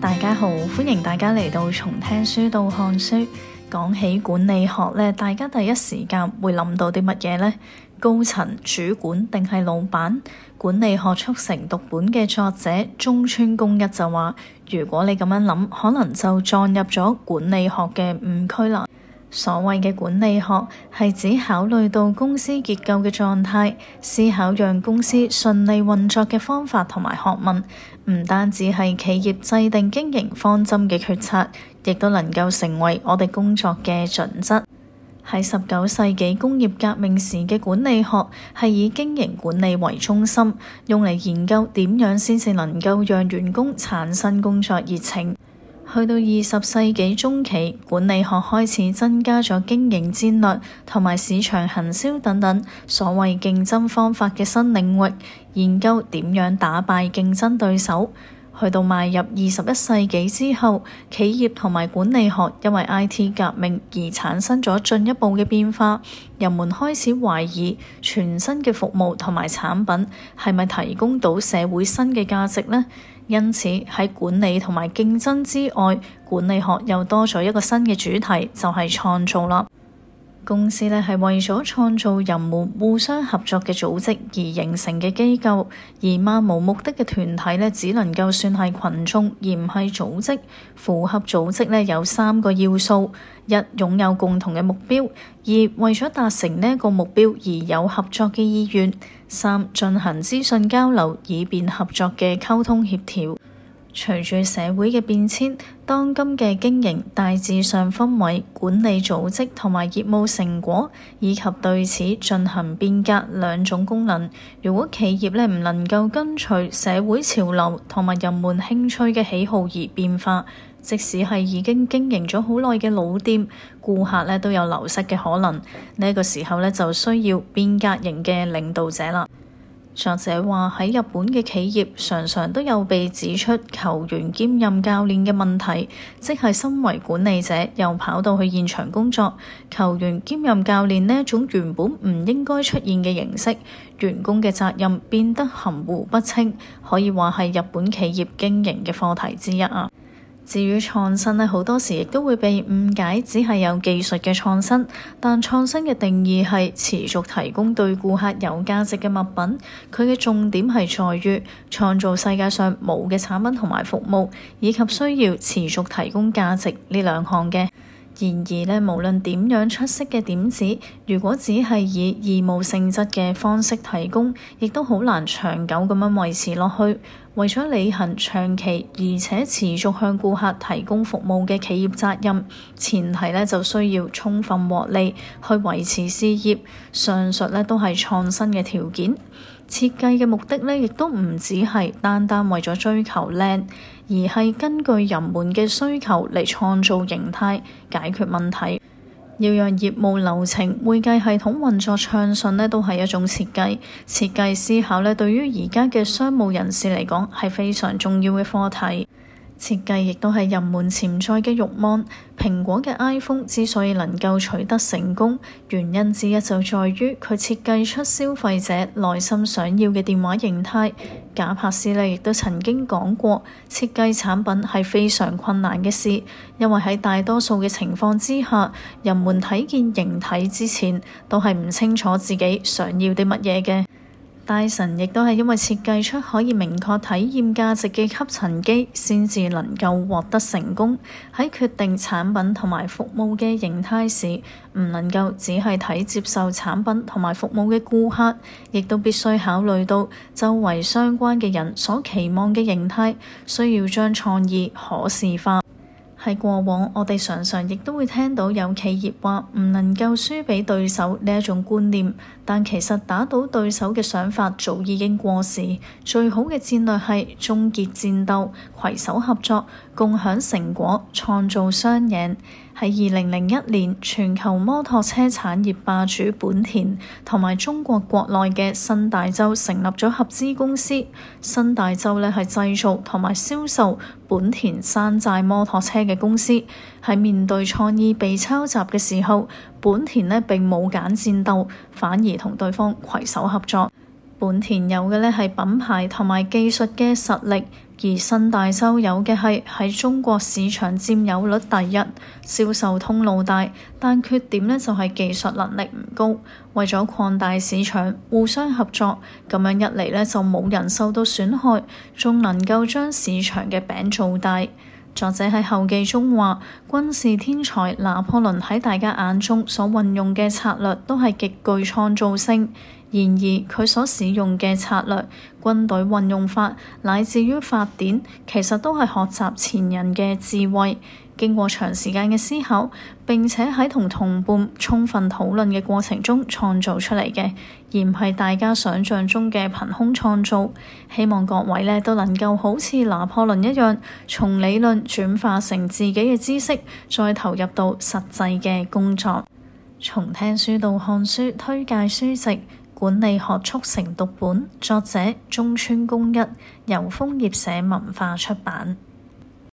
大家好，歡迎大家嚟到從聽書到看書，講起管理學咧。大家第一時間會諗到啲乜嘢咧？高層主管定係老闆？管理學速成讀本嘅作者中村公一就話：如果你咁樣諗，可能就撞入咗管理學嘅誤區啦。所謂嘅管理學係指考慮到公司結構嘅狀態，思考讓公司順利運作嘅方法同埋學問，唔單止係企業制定經營方針嘅決策，亦都能夠成為我哋工作嘅準則。喺十九世紀工業革命時嘅管理學係以經營管理為中心，用嚟研究點樣先至能夠讓員工產生工作熱情。去到二十世紀中期，管理學開始增加咗經營戰略同埋市場行銷等等所謂競爭方法嘅新領域，研究點樣打敗競爭對手。去到邁入二十一世紀之後，企業同埋管理學因為 IT 革命而產生咗進一步嘅變化。人們開始懷疑全新嘅服務同埋產品係咪提供到社會新嘅價值呢？因此喺管理同埋競爭之外，管理學又多咗一個新嘅主題，就係創造啦。公司呢係為咗創造人們互相合作嘅組織而形成嘅機構，而漫無目的嘅團體呢，只能夠算係群眾，而唔係組織。符合組織呢，有三個要素：一、擁有共同嘅目標；二、為咗達成呢個目標而有合作嘅意願；三、進行資訊交流，以便合作嘅溝通協調。隨住社會嘅變遷，當今嘅經營大致上分為管理組織同埋業務成果，以及對此進行變革兩種功能。如果企業咧唔能夠跟隨社會潮流同埋人們興趣嘅喜好而變化，即使係已經經營咗好耐嘅老店，顧客咧都有流失嘅可能。呢個時候咧就需要變革型嘅領導者啦。作者話喺日本嘅企業，常常都有被指出球員兼任教練嘅問題，即係身為管理者又跑到去現場工作。球員兼任教練呢種原本唔應該出現嘅形式，員工嘅責任變得含糊不清，可以話係日本企業經營嘅課題之一啊。至於創新咧，好多時亦都會被誤解，只係有技術嘅創新。但創新嘅定義係持續提供對顧客有價值嘅物品，佢嘅重點係在於創造世界上冇嘅產品同埋服務，以及需要持續提供價值呢兩項嘅。然而呢，無論點樣出色嘅點子，如果只係以義務性質嘅方式提供，亦都好難長久咁樣維持落去。為咗履行長期而且持續向顧客提供服務嘅企業責任，前提呢就需要充分獲利去維持事業。上述呢都係創新嘅條件。設計嘅目的呢，亦都唔只係單單為咗追求靚，而係根據人們嘅需求嚟創造形態，解決問題。要讓業務流程、會計系統運作暢順呢，都係一種設計。設計思考呢，對於而家嘅商務人士嚟講，係非常重要嘅課題。設計亦都係人們潛在嘅慾望。蘋果嘅 iPhone 之所以能夠取得成功，原因之一就在於佢設計出消費者內心想要嘅電話形態。賈柏斯咧亦都曾經講過，設計產品係非常困難嘅事，因為喺大多數嘅情況之下，人們睇見形體之前都係唔清楚自己想要啲乜嘢嘅。大神亦都係因為設計出可以明確體驗價值嘅吸塵機先至能夠獲得成功。喺決定產品同埋服務嘅形態時，唔能夠只係睇接受產品同埋服務嘅顧客，亦都必須考慮到周圍相關嘅人所期望嘅形態，需要將創意可視化。喺過往，我哋常常亦都會聽到有企業話唔能夠輸俾對手呢一種觀念，但其實打倒對手嘅想法早已經過時，最好嘅戰略係終結戰鬥，携手合作，共享成果，創造雙贏。喺二零零一年，全球摩托車產業霸主本田同埋中國國內嘅新大洲成立咗合資公司。新大洲呢係製造同埋銷售本田山寨摩托車嘅公司。喺面對創意被抄襲嘅時候，本田呢並冇揀戰鬥，反而同對方攜手合作。本田有嘅呢係品牌同埋技術嘅實力，而新大洲有嘅係喺中國市場佔有率第一，銷售通路大，但缺點呢，就係技術能力唔高。為咗擴大市場，互相合作，咁樣一嚟呢，就冇人受到損害，仲能夠將市場嘅餅做大。作者喺後記中話，軍事天才拿破崙喺大家眼中所運用嘅策略都係極具創造性。然而，佢所使用嘅策略、軍隊運用法乃至於法典，其實都係學習前人嘅智慧。經過長時間嘅思考，並且喺同同伴充分討論嘅過程中創造出嚟嘅，而唔係大家想象中嘅憑空創造。希望各位呢都能夠好似拿破崙一樣，從理論轉化成自己嘅知識，再投入到實際嘅工作。從聽書到看書，推介書籍《管理學速成讀本》，作者中村公一，由楓葉社文化出版。